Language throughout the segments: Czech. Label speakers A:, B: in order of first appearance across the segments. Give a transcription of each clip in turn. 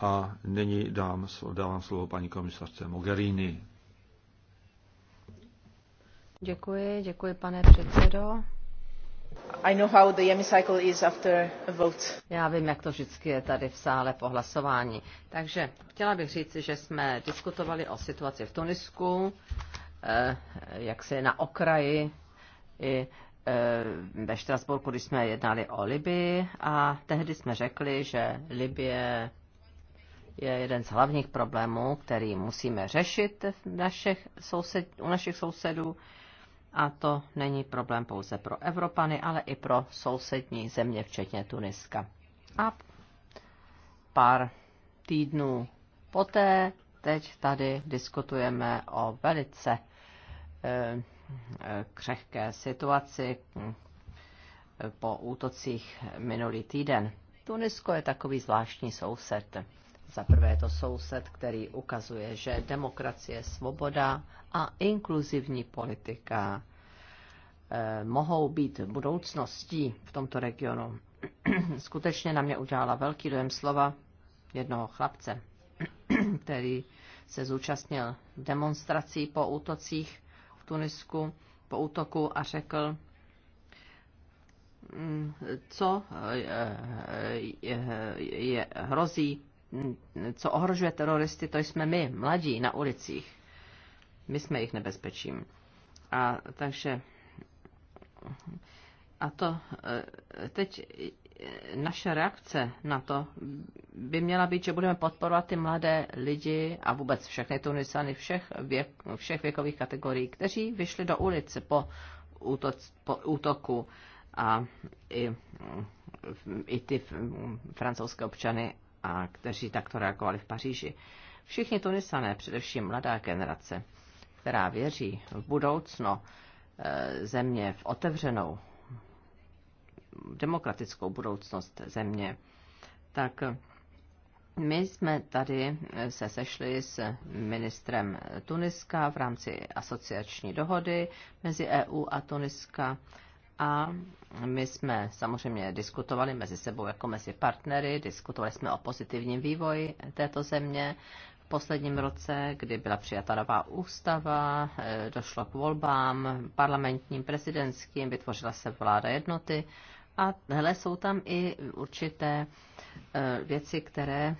A: A nyní dám, dávám slovo paní komisarce Mogherini.
B: Děkuji, děkuji pane předsedo. I know how the hemicycle is after a vote. Já vím, jak to vždycky je tady v sále po hlasování. Takže chtěla bych říct, že jsme diskutovali o situaci v Tunisku, eh, jak se je na okraji i eh, ve Štrasburku, když jsme jednali o Libii a tehdy jsme řekli, že Libie je jeden z hlavních problémů, který musíme řešit v našich soused, u našich sousedů. A to není problém pouze pro Evropany, ale i pro sousední země, včetně Tuniska. A pár týdnů poté teď tady diskutujeme o velice e, křehké situaci eh, po útocích minulý týden. Tunisko je takový zvláštní soused. Za prvé to soused, který ukazuje, že demokracie, svoboda a inkluzivní politika eh, mohou být budoucností v tomto regionu. Skutečně na mě udělala velký dojem slova jednoho chlapce, který se zúčastnil demonstrací po útocích v Tunisku, po útoku a řekl, mm, co je, eh, eh, je, je, hrozí co ohrožuje teroristy, to jsme my, mladí na ulicích. My jsme jich nebezpečím. A takže a to eh, teď eh, naše reakce na to by měla být, že budeme podporovat ty mladé lidi a vůbec všechny tunisany všech, věk, všech věkových kategorií, kteří vyšli do ulice po, útoc, po útoku a i, i ty francouzské občany a kteří takto reagovali v Paříži. Všichni Tunisané, především mladá generace, která věří v budoucno eh, země, v otevřenou demokratickou budoucnost země, tak my jsme tady se sešli s ministrem Tuniska v rámci asociační dohody mezi EU a Tuniska a my jsme samozřejmě diskutovali mezi sebou jako mezi partnery, diskutovali jsme o pozitivním vývoji této země. V posledním roce, kdy byla přijata nová ústava, eh, došlo k volbám parlamentním, prezidentským, vytvořila se vláda jednoty a hele, jsou tam i určité eh, věci, které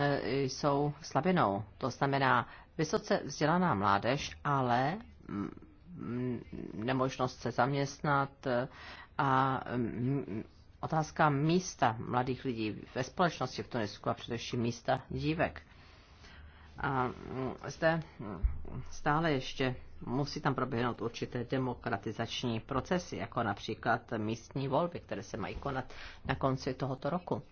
B: eh, jsou slabinou. To znamená vysoce vzdělaná mládež, ale mm, Mm, nemožnost se zaměstnat eh, a mm, otázka místa mladých lidí ve společnosti v Tunisku a především místa dívek. A mm, zde stále ještě musí tam proběhnout určité demokratizační procesy, jako například místní volby, které se mají konat na konci tohoto roku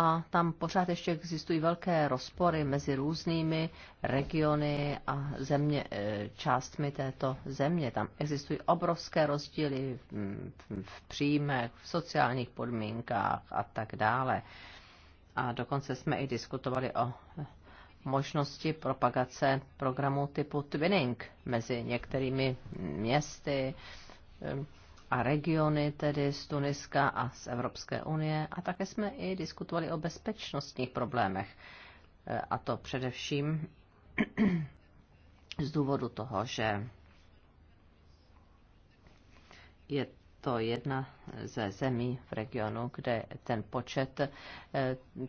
B: a tam pořád ještě existují velké rozpory mezi různými regiony a země, e, částmi této země. Tam existují obrovské rozdíly v, v příjmech, v sociálních podmínkách a tak dále. A dokonce jsme i diskutovali o možnosti propagace programu typu Twinning mezi některými městy a regiony, tedy z Tuniska a z Evropské unie. A také jsme i diskutovali o bezpečnostních problémech. Eh, a to především z důvodu toho, že je to jedna ze zemí v regionu, kde ten počet eh,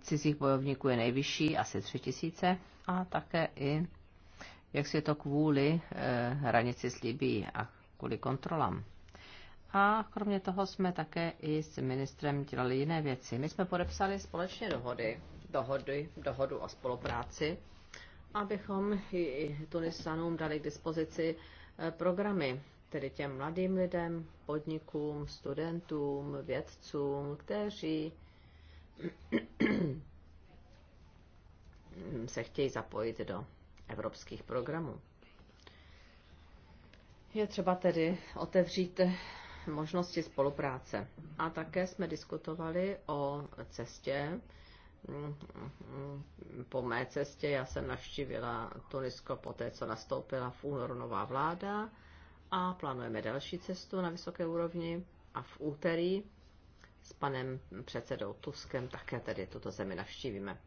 B: cizích bojovníků je nejvyšší, asi tři tisíce, a také i, jak si je to kvůli eh, hranici s Libí a kvůli kontrolám. A kromě toho jsme také i s ministrem dělali jiné věci. My jsme podepsali společně dohody, dohody dohodu o spolupráci, abychom i Tunisanům dali k dispozici eh, programy, tedy těm mladým lidem, podnikům, studentům, vědcům, kteří se chtějí zapojit do evropských programů. Je třeba tedy otevřít možnosti spolupráce. A také jsme diskutovali o cestě, po mé cestě, já jsem navštívila Tunisko po té, co nastoupila v únoru nová vláda a plánujeme další cestu na vysoké úrovni a v úterý s panem předsedou Tuskem také tedy tuto zemi navštívíme.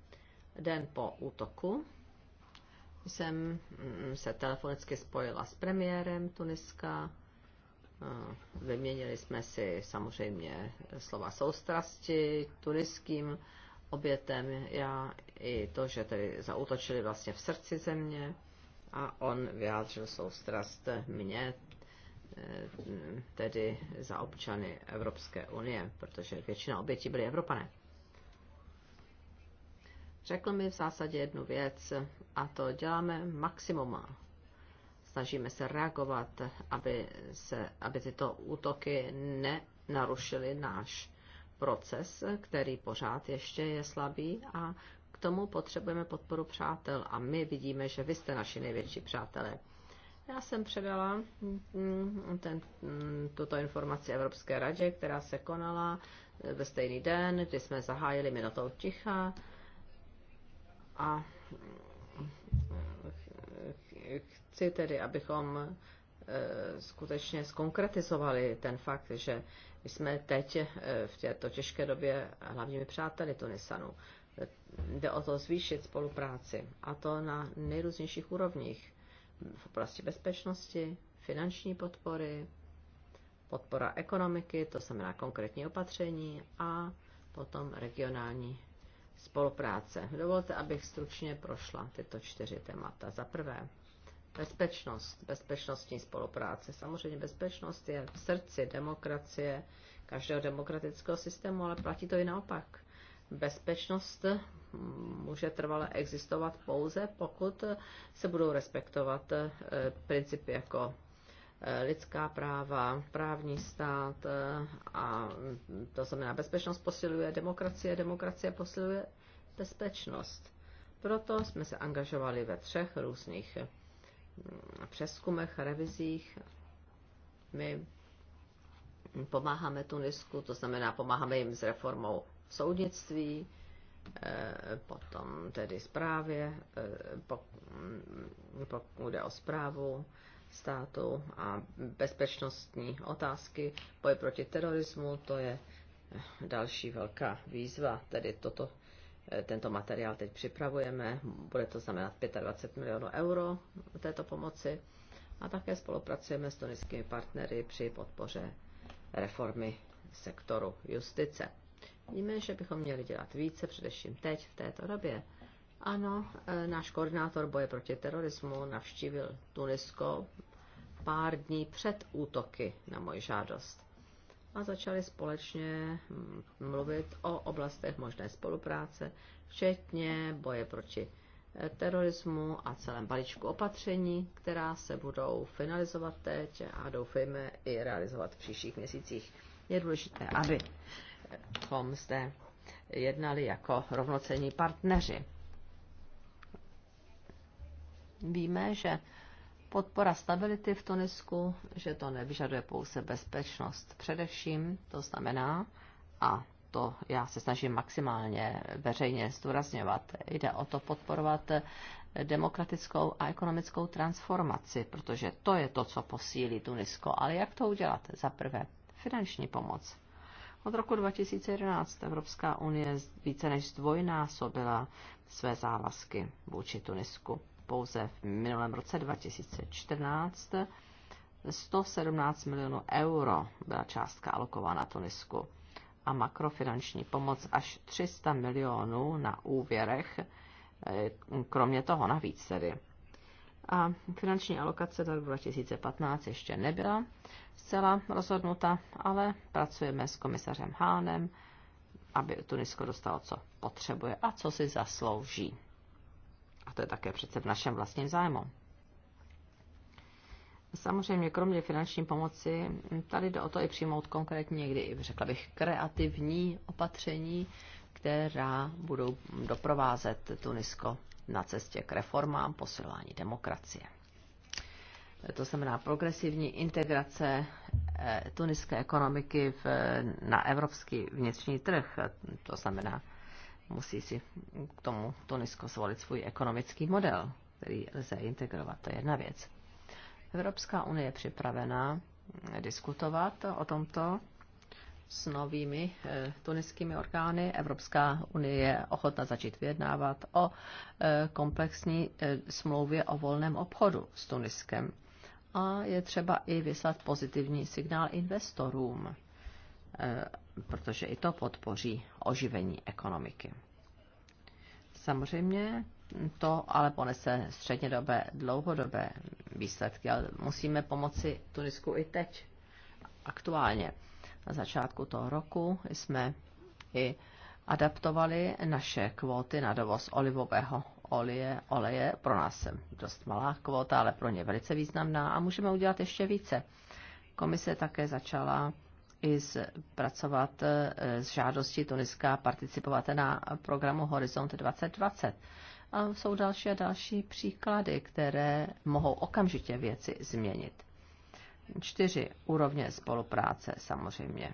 B: Den po útoku jsem se telefonicky spojila s premiérem Tuniska Vyměnili jsme si samozřejmě slova soustrasti tuniským obětem. Já i to, že tedy zautočili vlastně v srdci země a on vyjádřil soustrast mě, e, tedy za občany Evropské unie, protože většina obětí byly Evropané. Řekl mi v zásadě jednu věc a to děláme maximum snažíme se reagovat, aby, se, aby tyto útoky nenarušily náš proces, který pořád ještě je slabý a k tomu potřebujeme podporu přátel a my vidíme, že vy jste naši největší přátelé. Já jsem předala mm, ten, mm, tuto informaci Evropské radě, která se konala eh, ve stejný den, kdy jsme zahájili minutou ticha a chci tedy, abychom e, skutečně skonkretizovali ten fakt, že jsme teď e, v této těžké době hlavními přáteli Tunisanu. Jde o to zvýšit spolupráci a to na nejrůznějších úrovních. V oblasti bezpečnosti, finanční podpory, podpora ekonomiky, to znamená konkrétní opatření a potom regionální spolupráce. Dovolte, abych stručně prošla tyto čtyři témata. Za prvé, bezpečnost, bezpečnostní spolupráce. Samozřejmě bezpečnost je v srdci demokracie, každého demokratického systému, ale platí to i naopak. Bezpečnost může trvale existovat pouze, pokud se budou respektovat eh, principy jako eh, lidská práva, právní stát eh, a to znamená bezpečnost posiluje demokracie, demokracie posiluje bezpečnost. Proto jsme se angažovali ve třech různých přeskumech, revizích. My pomáháme Tunisku, to znamená pomáháme jim s reformou soudnictví, eh, potom tedy zprávě, eh, mm, pokud jde o zprávu státu a bezpečnostní otázky, boj proti terorismu, to je další velká výzva, tedy toto Eh, tento materiál teď připravujeme, bude to znamenat 25 milionů euro této pomoci a také spolupracujeme s tuniskými partnery při podpoře reformy sektoru justice. Víme, že bychom měli dělat více, především teď, v této době. Ano, eh, náš koordinátor boje proti terorismu navštívil Tunisko pár dní před útoky na moji žádost a začali společně hm, mluvit o oblastech možné spolupráce, včetně boje proti eh, terorismu a celém balíčku opatření, která se budou finalizovat teď a doufejme i realizovat v příštích měsících. Je důležité, abychom eh, zde jednali jako rovnocení partneři. Víme, že podpora stability v Tunisku, že to nevyžaduje pouze bezpečnost. Především to znamená, a to já se snažím maximálně veřejně zdůrazňovat, jde o to podporovat demokratickou a ekonomickou transformaci, protože to je to, co posílí Tunisko. Ale jak to udělat? Za prvé, finanční pomoc. Od roku 2011 Evropská unie více než zdvojnásobila své závazky vůči Tunisku pouze v minulém roce 2014 117 milionů euro byla částka alokována Tunisku a makrofinanční pomoc až 300 milionů na úvěrech, eh, kromě toho navíc tedy. A finanční alokace do roku 2015 ještě nebyla zcela rozhodnuta, ale pracujeme s komisařem Hánem, aby Tunisko dostalo, co potřebuje a co si zaslouží to je také přece v našem vlastním zájmu. Samozřejmě, kromě finanční pomoci, tady jde o to i přijmout konkrétně někdy, řekla bych, kreativní opatření, která budou doprovázet Tunisko na cestě k reformám, posilování demokracie. To znamená progresivní integrace eh, tuniské ekonomiky v, na evropský vnitřní trh. To znamená musí si k tomu Tunisko zvolit svůj ekonomický model, který lze integrovat. To je jedna věc. Evropská unie je připravená diskutovat o tomto s novými eh, tuniskými orgány. Evropská unie je ochotna začít vyjednávat o eh, komplexní eh, smlouvě o volném obchodu s Tuniskem. A je třeba i vyslat pozitivní signál investorům protože i to podpoří oživení ekonomiky. Samozřejmě to ale ponese střednědobé, dlouhodobé výsledky, ale musíme pomoci Tunisku i teď, aktuálně. Na začátku toho roku jsme i adaptovali naše kvóty na dovoz olivového oleje, oleje pro nás Je dost malá kvóta, ale pro ně velice významná a můžeme udělat ještě více. Komise také začala i pracovat s e, žádostí Tuniska participovat na programu Horizont 2020. A jsou další a další příklady, které mohou okamžitě věci změnit. Čtyři úrovně spolupráce samozřejmě.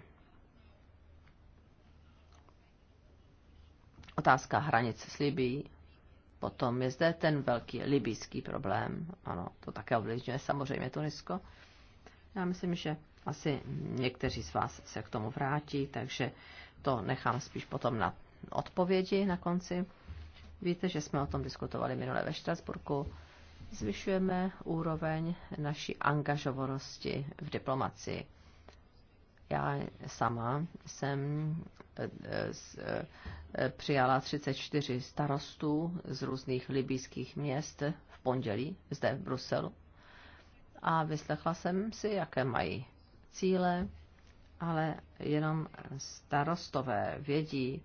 B: Otázka hranic s Libí. Potom je zde ten velký libijský problém. Ano, to také ovlivňuje samozřejmě Tunisko. Já myslím, že asi někteří z vás se k tomu vrátí, takže to nechám spíš potom na odpovědi na konci. Víte, že jsme o tom diskutovali minule ve Štrasburku. Zvyšujeme úroveň naší angažovanosti v diplomacii. Já sama jsem eh, eh, eh, přijala 34 starostů z různých libýských měst v pondělí zde v Bruselu a vyslechla jsem si, jaké mají cíle, ale jenom starostové vědí,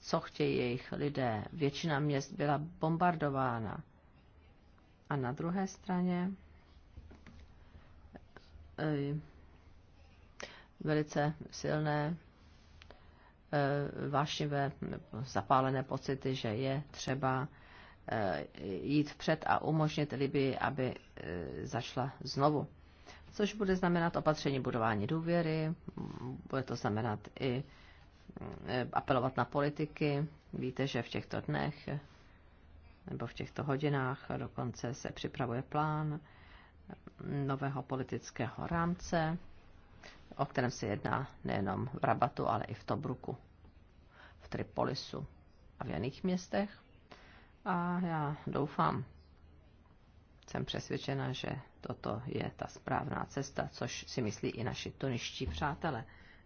B: co chtějí jejich lidé. Většina měst byla bombardována. A na druhé straně eh, velice silné eh, vášnivé zapálené pocity, že je třeba eh, jít vpřed a umožnit Libii, aby zašla znovu což bude znamenat opatření budování důvěry, bude to znamenat i e, apelovat na politiky. Víte, že v těchto dnech nebo v těchto hodinách dokonce se připravuje plán nového politického rámce, o kterém se jedná nejenom v Rabatu, ale i v Tobruku, v Tripolisu a v jiných městech. A já doufám, jsem přesvědčena, že toto je ta správná cesta, což si myslí i naši tuniští přátelé.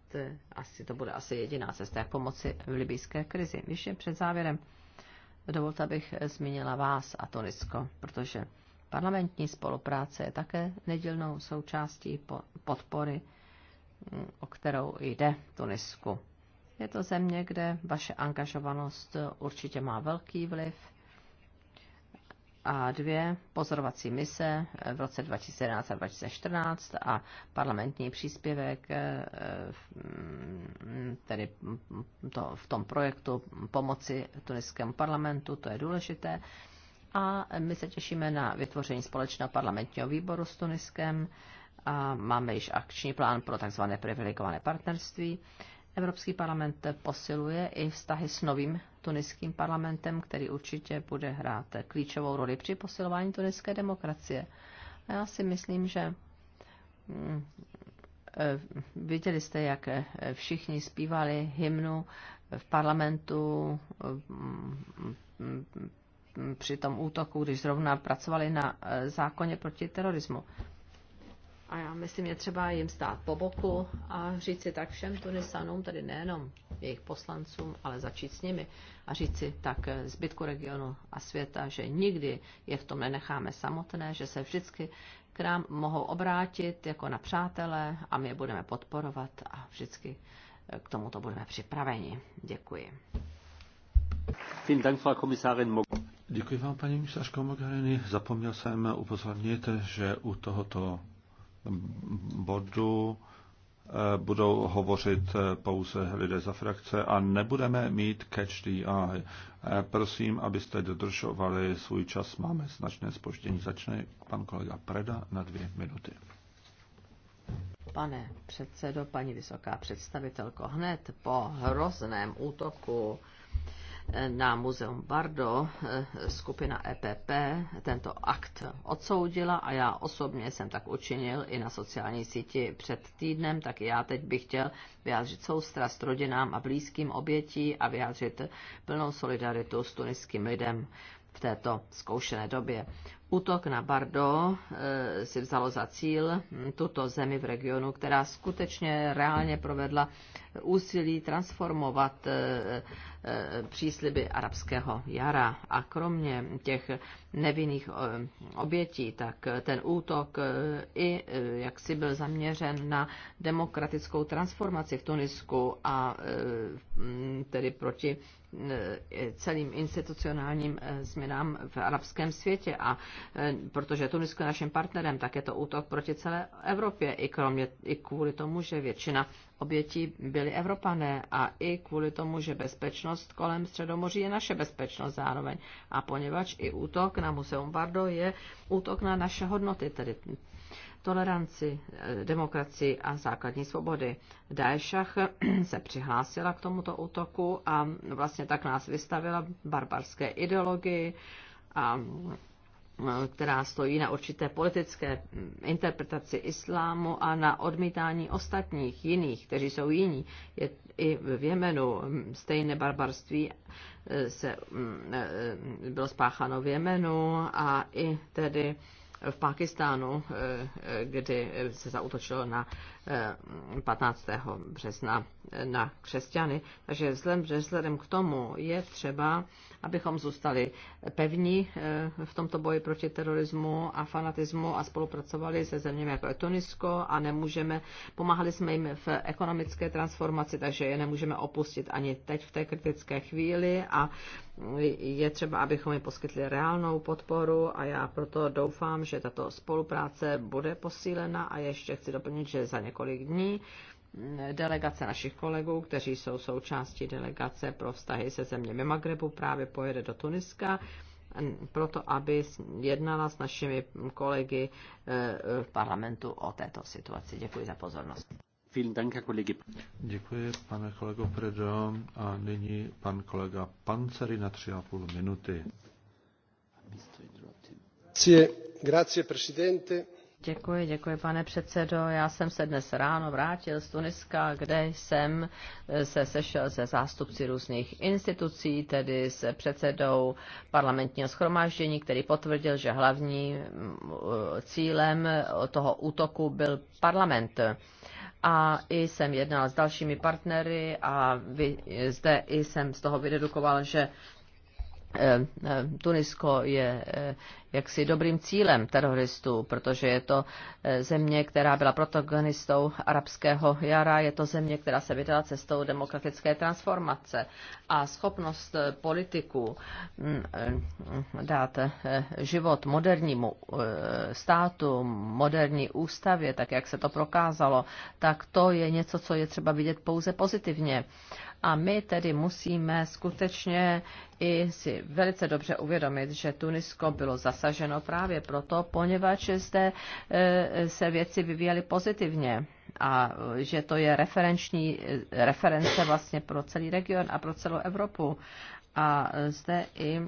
B: To, asi, to bude asi jediná cesta, jak pomoci v libijské krizi. Ještě před závěrem dovolte, abych zmínila vás a Tunisko, protože parlamentní spolupráce je také nedělnou součástí podpory, mm, o kterou jde Tunisku. Je to země, kde vaše angažovanost určitě má velký vliv a dvě pozorovací mise v roce 2011 a 2014 a parlamentní příspěvek eh, mm, tedy to, v tom projektu pomoci tuniskému parlamentu, to je důležité. A my se těšíme na vytvoření společného parlamentního výboru s Tuniskem a máme již akční plán pro tzv. privilegované partnerství. Evropský parlament posiluje i vztahy s novým tuniským parlamentem, který určitě bude hrát klíčovou roli při posilování tuniské demokracie. A já si myslím, že mm, e, viděli jste, jak všichni zpívali hymnu v parlamentu e, při tom útoku, když zrovna pracovali na e, zákoně proti terorismu. A já myslím, je třeba jim stát po boku a říct si tak všem Tunisanům, tedy nejenom jejich poslancům, ale začít s nimi a říct si tak zbytku regionu a světa, že nikdy je v tom nenecháme samotné, že se vždycky k nám mohou obrátit jako na přátelé a my je budeme podporovat a vždycky eh, k tomuto budeme připraveni. Děkuji.
A: Děkuji vám, paní komisařko Mogherini. Zapomněl jsem upozornit, že u tohoto bodu eh, budou hovořit eh, pouze lidé za frakce a nebudeme mít catch the eye. Eh, prosím, abyste dodržovali svůj čas. Máme značné spoždění. Začne pan kolega Preda na dvě minuty.
B: Pane předsedo, paní vysoká představitelko, hned po hrozném útoku na muzeum Bardo eh, skupina EPP tento akt odsoudila a já osobně jsem tak učinil i na sociální síti před týdnem, tak já teď bych chtěl vyjádřit soustrast rodinám a blízkým obětí a vyjádřit plnou solidaritu s tuniským lidem v této zkoušené době. Útok na Bardo eh, si vzalo za cíl hm, tuto zemi v regionu, která skutečně reálně provedla úsilí transformovat eh, eh, přísliby arabského jara. A kromě těch nevinných obětí, tak ten útok i jak si byl zaměřen na demokratickou transformaci v Tunisku a hm, tedy proti Eh, celým institucionálním eh, změnám v arabském světě a eh, protože Tunisko je naším partnerem, tak je to útok proti celé Evropě i, kromě, i kvůli tomu, že většina obětí byli Evropané a i kvůli tomu, že bezpečnost kolem Středomoří je naše bezpečnost zároveň. A poněvadž i útok na Museum Bardo je útok na naše hodnoty, tedy toleranci, eh, demokracii a základní svobody. Daešach se přihlásila k tomuto útoku a vlastně tak nás vystavila barbarské ideologii, a, eh, která stojí na určité politické mm, interpretaci islámu a na odmítání ostatních jiných, kteří jsou jiní. Je i v Jemenu mm, stejné barbarství eh, se mm, bylo spácháno v Jemenu a i tedy v Pákistánu, eh, eh, kdy se zautočilo na 15. Eh, března na křesťany. Takže vzhledem k tomu je třeba, abychom zůstali pevní eh, v tomto boji proti terorismu a fanatismu a spolupracovali se zeměmi jako je Tunisko a nemůžeme, pomáhali jsme jim v ekonomické transformaci, takže je nemůžeme opustit ani teď v té kritické chvíli a je třeba, abychom jim poskytli reálnou podporu a já proto doufám, že tato spolupráce bude posílena a ještě chci doplnit, že za několik několik dní delegace našich kolegů, kteří jsou součástí delegace pro vztahy se zeměmi Magrebu, právě pojede do Tuniska proto, aby jednala s našimi kolegy eh, v parlamentu o této situaci. Děkuji za pozornost.
A: Děkuji, pane kolego Predo. A nyní pan kolega Pancery na tři a půl minuty. Grazie, grazie, presidente.
B: Děkuji, děkuji, pane předsedo. Já jsem se dnes ráno vrátil z Tuniska, kde jsem eh, se sešel se zástupci různých institucí, tedy s předsedou parlamentního schromáždění, který potvrdil, že hlavním eh, cílem eh, toho útoku byl parlament a i jsem jednal s dalšími partnery a vy, zde i jsem z toho vydedukoval, že Tunisko je jaksi dobrým cílem teroristů, protože je to eh, země, která byla protagonistou arabského jara, je to země, která se vydala cestou demokratické transformace a schopnost eh, politiků mm, eh, dát život modernímu státu, moderní ústavě, tak jak se to prokázalo, tak to je něco, co je třeba vidět pouze pozitivně. A my tedy musíme skutečně i si velice dobře uvědomit, že Tunisko bylo zase zasaženo právě proto, poněvadž zde e, se věci vyvíjely pozitivně a e, že to je referenční, e, reference vlastně pro celý region a pro celou Evropu. A zde i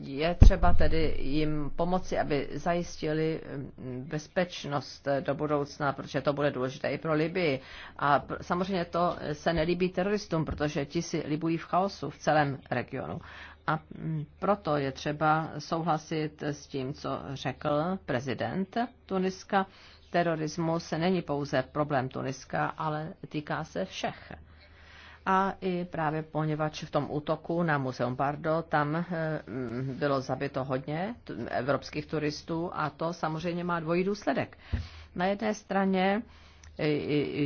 B: je třeba tedy jim pomoci, aby zajistili bezpečnost do budoucna, protože to bude důležité i pro Libii. A samozřejmě to se nelíbí teroristům, protože ti si libují v chaosu v celém regionu. A mm, proto je třeba souhlasit s tím, co řekl prezident Tuniska. Terorismus není pouze problém Tuniska, ale týká se všech. A i právě poněvadž v tom útoku na Muzeum Bardo tam eh, mm, bylo zabito hodně evropských turistů a to samozřejmě má dvojí důsledek. Na jedné straně Eh,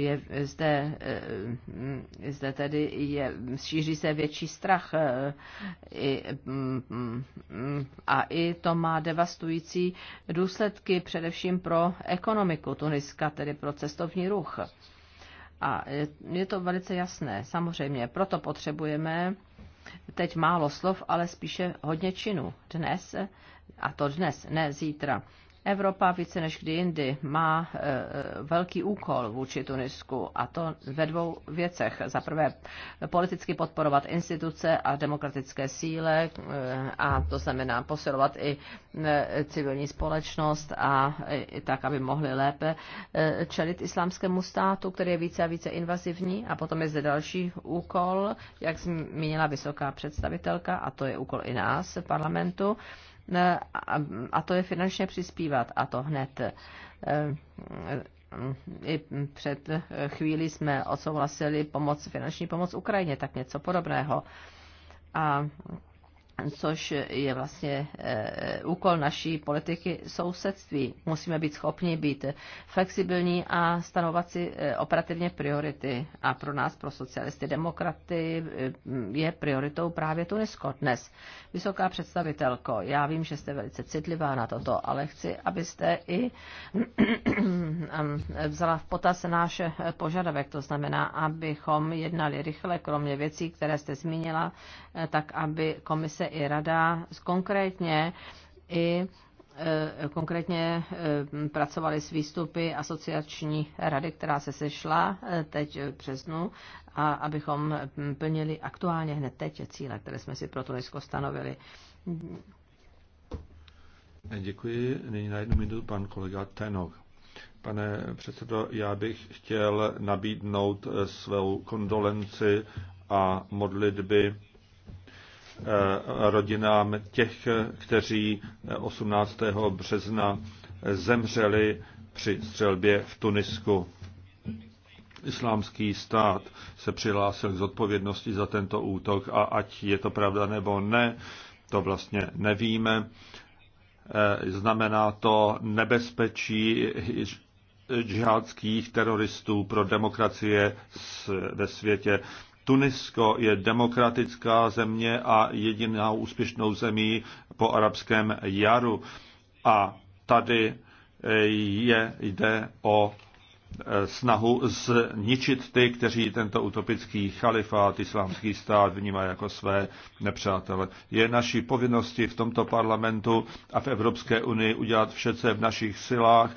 B: je zde, eh, zde tedy je, šíří se větší strach eh, mm, a i to má devastující důsledky především pro ekonomiku Tuniska, tedy pro cestovní ruch. A je to velice jasné, samozřejmě. Proto potřebujeme teď málo slov, ale spíše hodně činů. Dnes, a to dnes, ne zítra. Evropa více než kdy jindy má eh, eh, velký úkol vůči Tunisku a to ve dvou věcech. Za prvé politicky podporovat instituce a demokratické síle eh, a to znamená posilovat i civilní společnost a tak, aby mohli lépe čelit islámskému státu, který je více a více invazivní. A potom je zde další úkol, jak zmínila vysoká představitelka, a to je úkol i nás v parlamentu, a to je finančně přispívat a to hned. E, e, I před chvílí jsme odsouhlasili pomoc, finanční pomoc Ukrajině, tak něco podobného. A což je vlastně eh, úkol naší politiky sousedství. Musíme být schopni být flexibilní a stanovat si eh, operativně priority. A pro nás, pro socialisty demokraty, eh, je prioritou právě Tunisko dnes. Vysoká představitelko, já vím, že jste velice citlivá na toto, ale chci, abyste i vzala v potaz náš požadavek, to znamená, abychom jednali rychle, kromě věcí, které jste zmínila, tak aby komise komise i rada konkrétně i eh, konkrétně eh, pracovali s výstupy asociační rady, která se sešla eh, teď v březnu, a abychom hm, plnili aktuálně hned teď cíle, které jsme si pro Tunisko stanovili.
A: Děkuji. Nyní na jednu minutu pan kolega Tenok. Pane předsedo, já bych chtěl nabídnout svou kondolenci a modlitby Eh, rodinám těch, kteří 18. Eh, března zemřeli při střelbě v Tunisku. Islámský stát se přihlásil k zodpovědnosti za tento útok a ať je to pravda nebo ne, to vlastně nevíme. Eh, znamená to nebezpečí džihádských teroristů pro demokracie ve světě. Tunisko je demokratická země a jedinou úspěšnou zemí po arabském jaru. A tady eh, je, jde o Eh, snahu zničit ty, kteří tento utopický chalifát, islámský stát vnímají jako své nepřátele. Je naší povinnosti v tomto parlamentu a v Evropské unii udělat vše, co je v našich silách,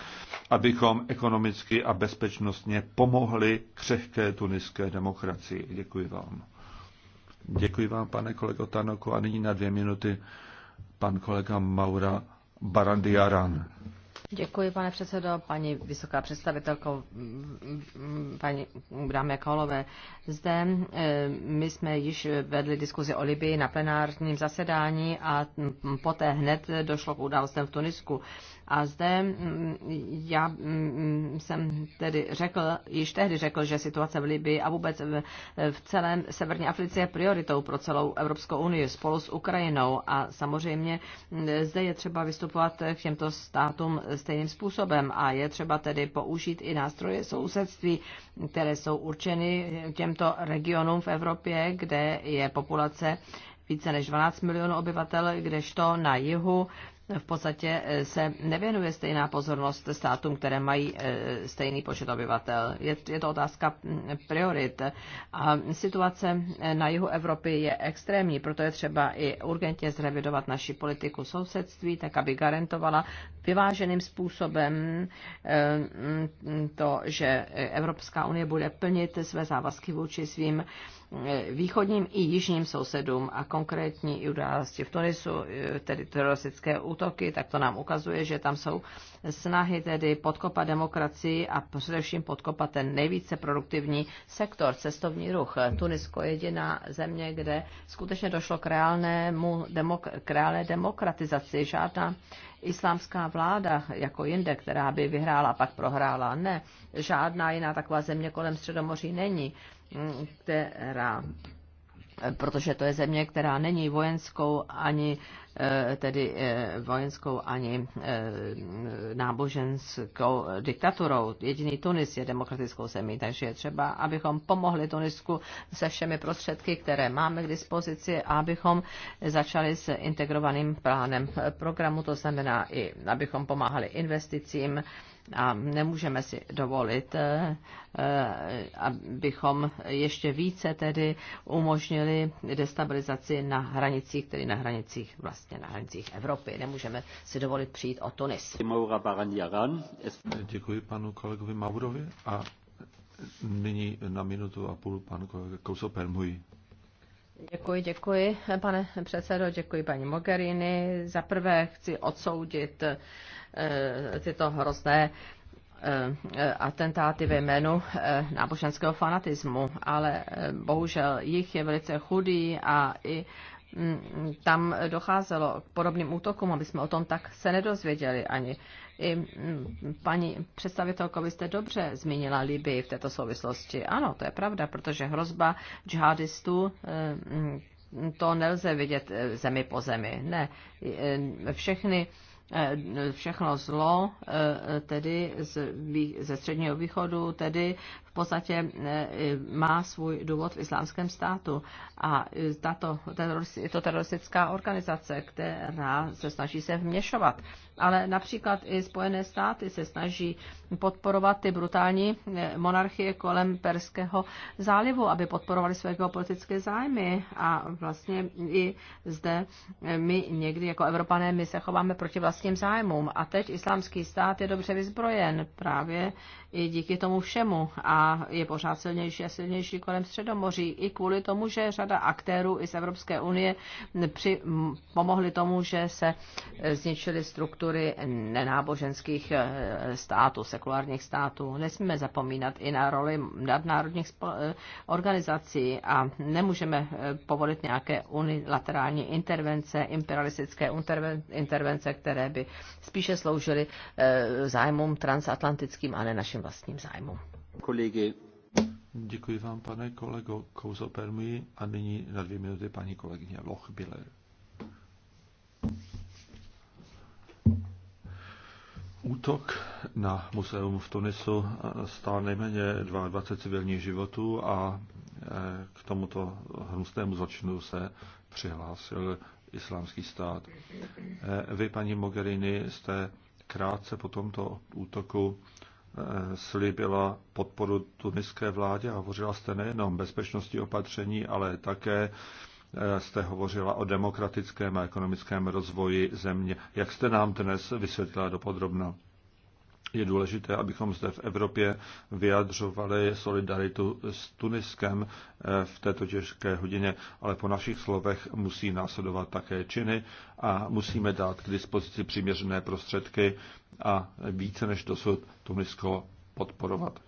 A: abychom ekonomicky a bezpečnostně pomohli křehké tuniské demokracii. Děkuji vám. Děkuji vám, pane kolego Tanoku. A nyní na dvě minuty pan kolega Maura Barandiaran.
B: Děkuji, pane předsedo. Paní vysoká představitelko, paní dámy Kolové, zde eh, my jsme již vedli diskuzi o Libii na plenárním zasedání a poté hned došlo k událostem v Tunisku. A zde mm, já mm, jsem tedy řekl, již tehdy řekl, že situace v Libii a vůbec v, v celém Severní Africe je prioritou pro celou Evropskou unii spolu s Ukrajinou a samozřejmě mm, zde je třeba vystupovat k těmto státům stejným způsobem a je třeba tedy použít i nástroje sousedství, které jsou určeny těmto regionům v Evropě, kde je populace více než 12 milionů obyvatel, kdežto na jihu v podstatě eh, se nevěnuje stejná pozornost státům, které mají eh, stejný počet obyvatel. Je, je to otázka mm, priorit. A situace eh, na jihu Evropy je extrémní, proto je třeba i urgentně zrevidovat naši politiku sousedství, tak aby garantovala vyváženým způsobem mm, to, že Evropská unie bude plnit své závazky vůči svým východním i jižním sousedům a konkrétní události v Tunisu, e, tedy teroristické útoky, tak to nám ukazuje, že tam jsou snahy tedy podkopat demokracii a především podkopat ten nejvíce produktivní sektor, cestovní ruch. Tunisko je jediná země, kde skutečně došlo k reálnému demok- k reálné demokratizaci. Žádná islámská vláda jako jinde, která by vyhrála, pak prohrála. Ne, žádná jiná taková země kolem Středomoří není, mm, která Eh, protože to je země, která není vojenskou ani eh, tedy eh, vojenskou ani náboženskou diktaturou. Jediný Tunis je demokratickou zemí, takže je třeba, abychom pomohli Tunisku se všemi prostředky, které máme k dispozici abychom začali s integrovaným plánem programu, to znamená i abychom pomáhali investicím, a nemůžeme si dovolit, eh, eh, abychom ještě více tedy umožnili destabilizaci na hranicích, tedy na hranicích vlastně na hranicích Evropy. Nemůžeme si dovolit přijít o Tunis.
A: Děkuji panu kolegovi Maurovi a nyní na minutu a půl pan kolega Kousopel
B: Děkuji, děkuji, pane předsedo, děkuji paní Mogherini. Za prvé chci odsoudit eh, tyto hrozné eh, atentáty ve jménu eh, náboženského fanatismu, ale bohužel jich je velice chudý a i mm, tam docházelo k podobným útokům, aby jsme o tom tak se nedozvěděli ani. I mm, paní představitelko, vy jste dobře zmínila Libii v této souvislosti. Ano, to je pravda, protože hrozba džihadistů eh, mm, to nelze vidět eh, zemi po zemi. Ne, eh, všechny Eh, všechno zlo eh, tedy ze středního východu, tedy v podstatě eh, má svůj důvod v islámském státu. A tato, je to teroristická organizace, která se snaží se vměšovat. Ale například i Spojené státy se snaží podporovat ty brutální monarchie kolem Perského zálivu, aby podporovali své geopolitické zájmy. A vlastně i zde my někdy jako Evropané my se chováme proti vlastní vlastním zájmům. A teď islámský stát je dobře vyzbrojen právě i díky tomu všemu a je pořád silnější a silnější kolem Středomoří i kvůli tomu, že řada aktérů i z Evropské unie při, pomohli tomu, že se e, zničily struktury nenáboženských e, států, sekulárních států. Nesmíme zapomínat i na roli nadnárodních e, organizací a nemůžeme povolit nějaké unilaterální intervence, imperialistické intervence, které by spíše sloužily zájmům transatlantickým a ne našim našim vlastním zájmu.
A: Kolegy. Děkuji vám, pane kolego Kouzo permi A nyní na dvě minuty paní kolegyně Lochbiller. Útok na muzeum v Tunisu stál nejméně 22 civilních životů a e, k tomuto hnusnému zločinu se přihlásil islámský stát. E, vy, paní Mogherini, jste krátce po tomto útoku Eh, slíbila podporu tuniské vládě a hovořila jste nejenom bezpečnosti opatření, ale také eh, jste hovořila o demokratickém a ekonomickém rozvoji země. Jak jste nám dnes vysvětlila dopodrobno? je důležité, abychom zde v Evropě vyjadřovali solidaritu s Tuniskem eh, v této těžké hodině, ale po našich slovech musí následovat také činy a musíme dát k dispozici přiměřené prostředky a více než dosud Tunisko podporovat.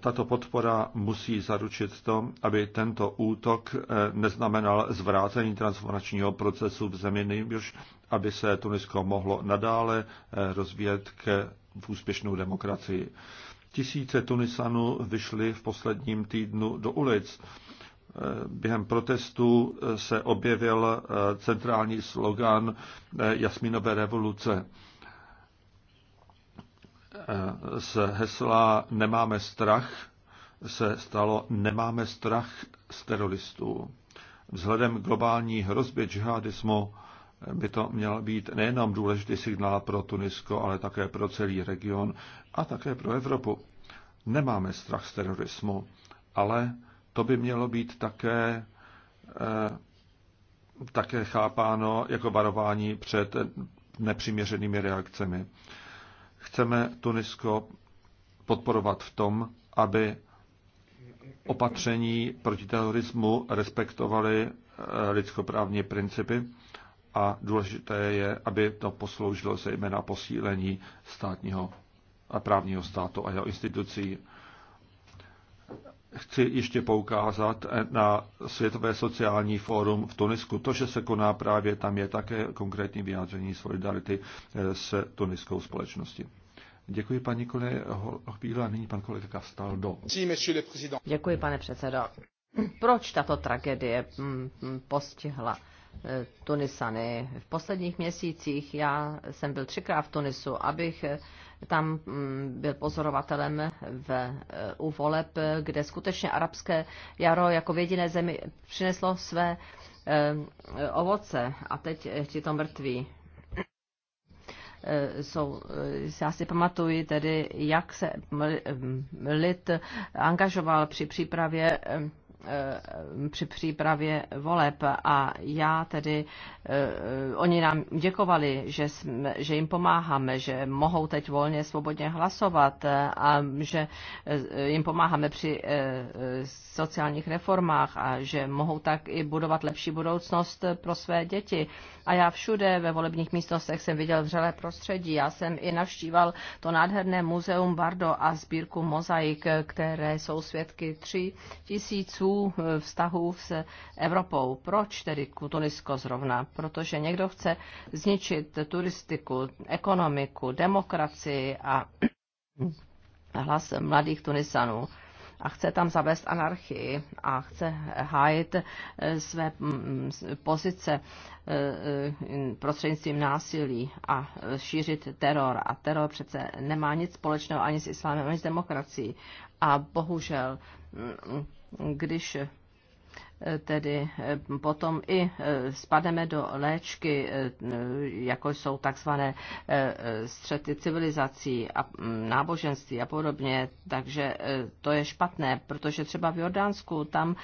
A: Tato podpora musí zaručit to, aby tento útok eh, neznamenal zvrácení transformačního procesu v zemi, nejbrž aby se Tunisko mohlo nadále eh, rozvíjet k v úspěšnou demokracii. Tisíce Tunisanů vyšly v posledním týdnu do ulic. Eh, během protestů se objevil centrální slogan Jasminové revoluce z hesla Nemáme strach se stalo Nemáme strach z teroristů. Vzhledem k globální hrozbě džihadismu by to měl být nejenom důležitý signál pro Tunisko, ale také pro celý region a také pro Evropu. Nemáme strach z terorismu, ale to by mělo být také, eh, také chápáno jako varování před nepřiměřenými reakcemi. Chceme Tunisko podporovat v tom, aby opatření proti terorismu respektovaly eh, lidskoprávní principy a důležité je, aby to posloužilo zejména posílení státního a právního státu a jeho institucí chci ještě poukázat na Světové sociální fórum v Tunisku. To, že se koná právě tam, je také konkrétní vyjádření solidarity eh, s tuniskou společností. Děkuji paní kolegyně a nyní pan kolega do.
B: Děkuji, pane předsedo. Proč tato tragédie mm, mm, postihla Tunisany. V posledních měsících já jsem byl třikrát v Tunisu, abych eh, tam mm, byl pozorovatelem v, eh, u voleb, kde skutečně arabské jaro jako v jediné zemi přineslo své eh, ovoce a teď to mrtví jsou, já si pamatuju tedy, jak se lid angažoval při přípravě Eh, při přípravě voleb a já tedy, eh, oni nám děkovali, že, jsme, že jim pomáháme, že mohou teď volně svobodně hlasovat a že eh, jim pomáháme při sociálních reformách a že mohou tak i budovat lepší budoucnost pro své děti. A já všude ve volebních místnostech jsem viděl vřelé prostředí. Já jsem i navštíval to nádherné muzeum Bardo a sbírku mozaik, které jsou svědky tři tisíců Eh, vztahů s Evropou. Proč tedy Tunisko zrovna? Protože někdo chce zničit turistiku, ekonomiku, demokracii a hlas mladých Tunisanů a chce tam zavést anarchii a chce hájit eh, své mm, pozice eh, prostřednictvím násilí a šířit teror. A teror přece nemá nic společného ani s islámem, ani s demokracií. A bohužel mm, když tedy eh, potom i eh, spademe do léčky, eh, jako jsou takzvané střety civilizací a mm, náboženství a podobně, takže to je špatné, protože třeba v Jordánsku tam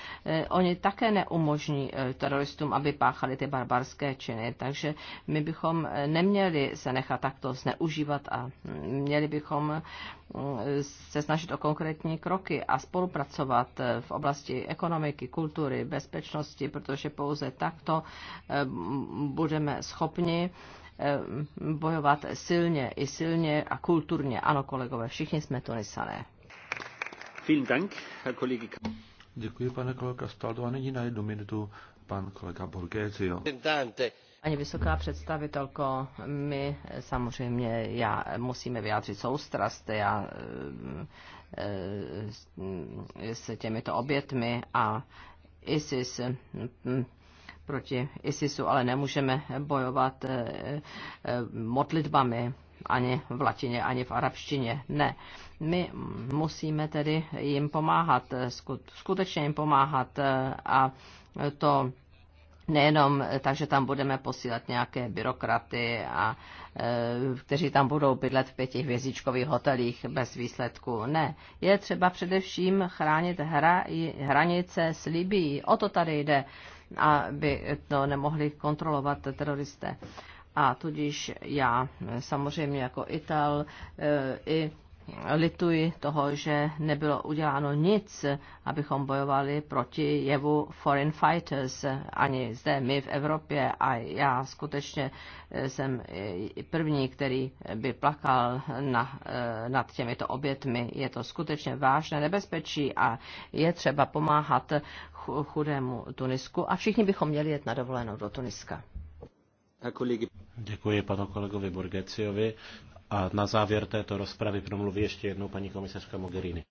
B: oni také neumožní teroristům, aby páchali ty barbarské činy, takže my bychom neměli se nechat takto zneužívat a mm, měli bychom mm, se snažit o konkrétní kroky a spolupracovat v oblasti ekonomiky, kultury, bezpečnosti, protože pouze takto eh, budeme schopni eh, bojovat silně i silně a kulturně. Ano, kolegové, všichni jsme tunisané.
A: Děkuji, pane kolega Staldo. A nyní na jednu minutu pan kolega Borghezio.
B: Ani vysoká představitelko, my samozřejmě já, musíme vyjádřit soustrast. Já, eh, s těmito obětmi a ISIS. Eh, hm, proti ISISu ale nemůžeme bojovat eh, eh, modlitbami ani v latině, ani v arabštině. Ne. My musíme tedy jim pomáhat, skutečně jim pomáhat a to nejenom eh, takže tam budeme posílat nějaké byrokraty, a, eh, kteří tam budou bydlet v hvězdičkových hotelích bez výsledku. Ne, je třeba především chránit hra, hranice s Libí. O to tady jde, aby to nemohli kontrolovat teroristé. A tudíž já eh, samozřejmě jako Ital i lituji toho, že nebylo uděláno nic, abychom bojovali proti jevu foreign fighters, ani zde my v Evropě. A já skutečně jsem první, který by plakal na, nad těmito obětmi. Je to skutečně vážné nebezpečí a je třeba pomáhat chudému Tunisku a všichni bychom měli jet na dovolenou do Tuniska.
A: Děkuji panu kolegovi Borgeciovi a na závěr této rozpravy promluví ještě jednou paní komisařka Mogherini.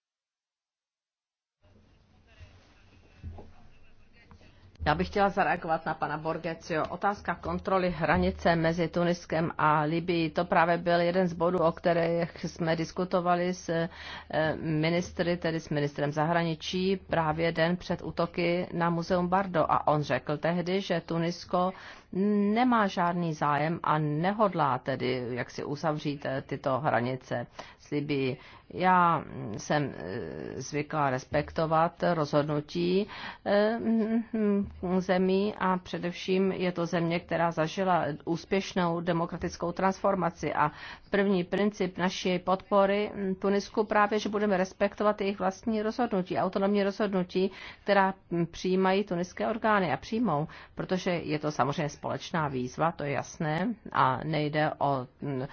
B: Já bych chtěla zareagovat na pana Borgecio. Otázka kontroly hranice mezi Tuniskem a Libií, to právě byl jeden z bodů, o kterých jsme diskutovali s eh, ministry, tedy s ministrem zahraničí, právě den před útoky na muzeum Bardo. A on řekl tehdy, že Tunisko nemá žádný zájem a nehodlá tedy, jak si uzavřít eh, tyto hranice s Libii. Já jsem eh, zvyklá respektovat rozhodnutí eh, zemí a především je to země, která zažila úspěšnou demokratickou transformaci a první princip naší podpory Tunisku právě, že budeme respektovat jejich vlastní rozhodnutí, autonomní rozhodnutí, která přijímají tuniské orgány a přijmou, protože je to samozřejmě společná výzva, to je jasné, a nejde o mm,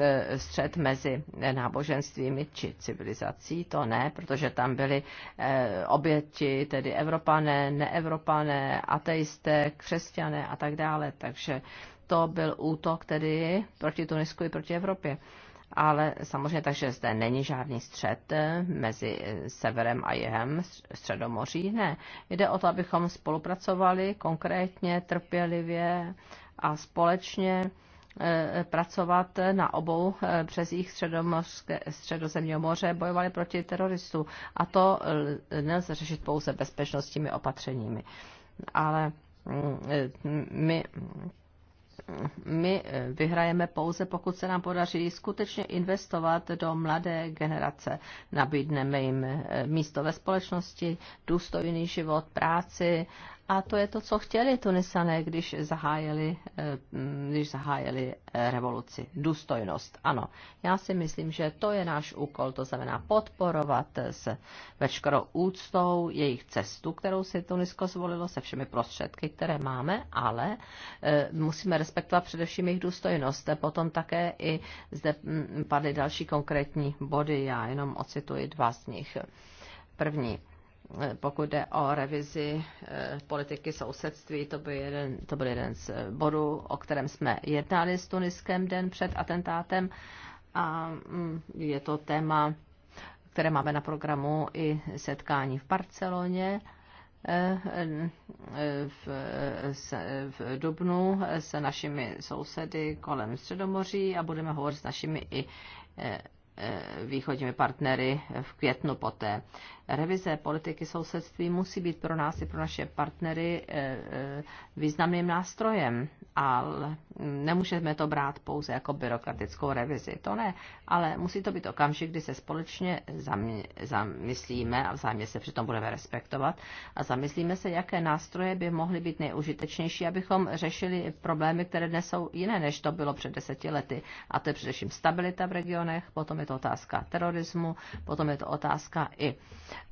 B: e, střed mezi náboženstvími či civilizací, to ne, protože tam byly e, oběti, tedy Evropané, neevropané, ateisté, křesťané a tak dále, takže to byl útok tedy proti Tunisku i proti Evropě ale samozřejmě takže zde není žádný střed eh, mezi eh, severem a jihem středomoří, ne. Jde o to, abychom spolupracovali konkrétně, trpělivě a společně eh, pracovat na obou březích středozemního moře, bojovali proti teroristům. A to nelze řešit pouze bezpečnostními opatřeními. Ale mm, my my eh, vyhrajeme pouze, pokud se nám podaří skutečně investovat do mladé generace. Nabídneme jim eh, místo ve společnosti, důstojný život, práci a to je to, co chtěli Tunisané, když zahájili, eh, když zahájili eh, revoluci. Důstojnost, ano. Já si myslím, že to je náš úkol, to znamená podporovat s veškerou úctou jejich cestu, kterou si Tunisko zvolilo se všemi prostředky, které máme, ale eh, musíme respektovat především jejich důstojnost. Potom také i zde hm, padly další konkrétní body, já jenom ocituji dva z nich. První Eh, pokud jde o revizi eh, politiky sousedství, to, byl jeden, to byl jeden z eh, bodů, o kterém jsme jednali s Tuniskem den před atentátem a mm, je to téma, které máme na programu i setkání v Barceloně v, v Dubnu se našimi sousedy kolem Středomoří a budeme hovořit s našimi i východními partnery v květnu poté revize politiky sousedství musí být pro nás i pro naše partnery eh, eh, významným nástrojem, ale nemůžeme to brát pouze jako byrokratickou revizi, to ne, ale musí to být okamžik, kdy se společně zamyslíme a vzájemně se přitom budeme respektovat a zamyslíme se, jaké nástroje by mohly být nejužitečnější, abychom řešili problémy, které dnes jsou jiné, než to bylo před deseti lety. A to je především stabilita v regionech, potom je to otázka terorismu, potom je to otázka i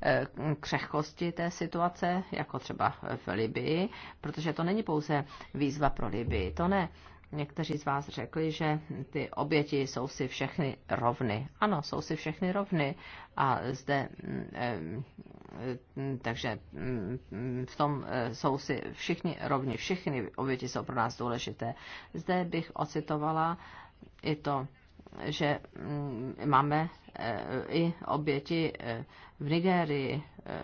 B: Eh, křehkosti té situace, jako třeba v Libii, protože to není pouze výzva pro Libii, to ne. Někteří z vás řekli, že ty oběti jsou si všechny rovny. Ano, jsou si všechny rovny. A zde, mm, eh, mm, takže mm, v tom eh, jsou si všichni rovni. Všechny oběti jsou pro nás důležité. Zde bych ocitovala i to že mm, máme e, i oběti e, v Nigérii e,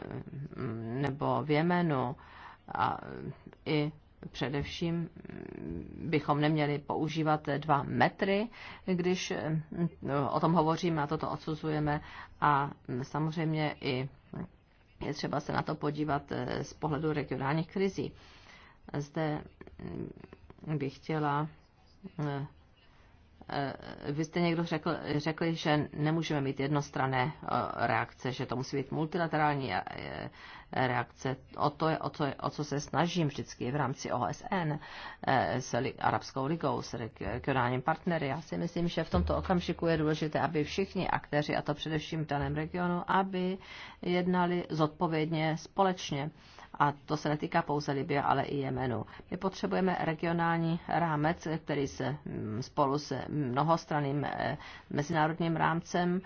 B: mm, nebo v Jemenu a i především mm, bychom neměli používat dva metry, když o tom hovoříme a toto odsuzujeme a samozřejmě i je třeba se na to podívat z pohledu regionálních krizí. Zde bych chtěla Eh, vy jste někdo řekl, řekli, že nemůžeme mít jednostrané eh, reakce, že to musí být multilaterální eh, reakce. O to, je, o, to je, o co se snažím vždycky v rámci OSN s Arabskou ligou, s regionálním partnery. Já si myslím, že v tomto okamžiku je důležité, aby všichni aktéři, a to především v daném regionu, aby jednali zodpovědně společně a to se netýká pouze Libie, ale i Jemenu. My potřebujeme regionální rámec, který se mm, spolu s mnohostranným eh, mezinárodním rámcem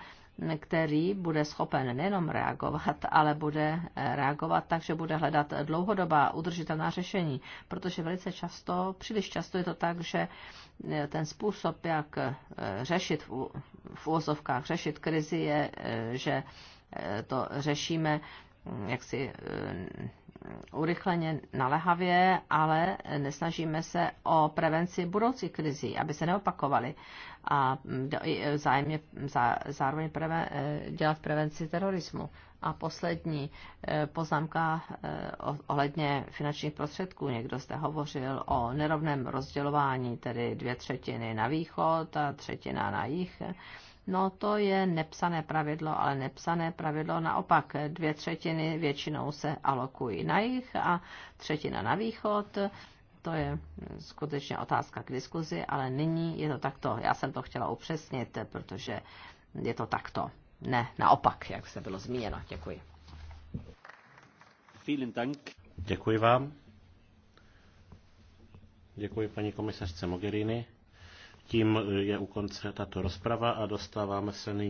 B: který bude schopen nejenom reagovat, ale bude eh, reagovat tak, že bude hledat dlouhodobá udržitelná řešení, protože velice často, příliš často je to tak, že eh, ten způsob, jak řešit v úvozovkách, řešit krizi, je, že to řešíme mm, jaksi urychleně nalehavě, ale nesnažíme se o prevenci budoucích krizí, aby se neopakovaly. A zájemně, zá, zároveň preven, eh, dělat prevenci terorismu. A poslední eh, poznámka eh, ohledně finančních prostředků. Někdo zde hovořil o nerovném rozdělování, tedy dvě třetiny na východ a třetina na jih. No to je nepsané pravidlo, ale nepsané pravidlo naopak. Dvě třetiny většinou se alokují na jich a třetina na východ. To je skutečně otázka k diskuzi, ale nyní je to takto. Já jsem to chtěla upřesnit, protože je to takto. Ne, naopak, jak se bylo zmíněno. Děkuji.
A: Děkuji vám. Děkuji paní komisařce Mogherini. Tím je u konce tato rozprava a dostáváme se nyní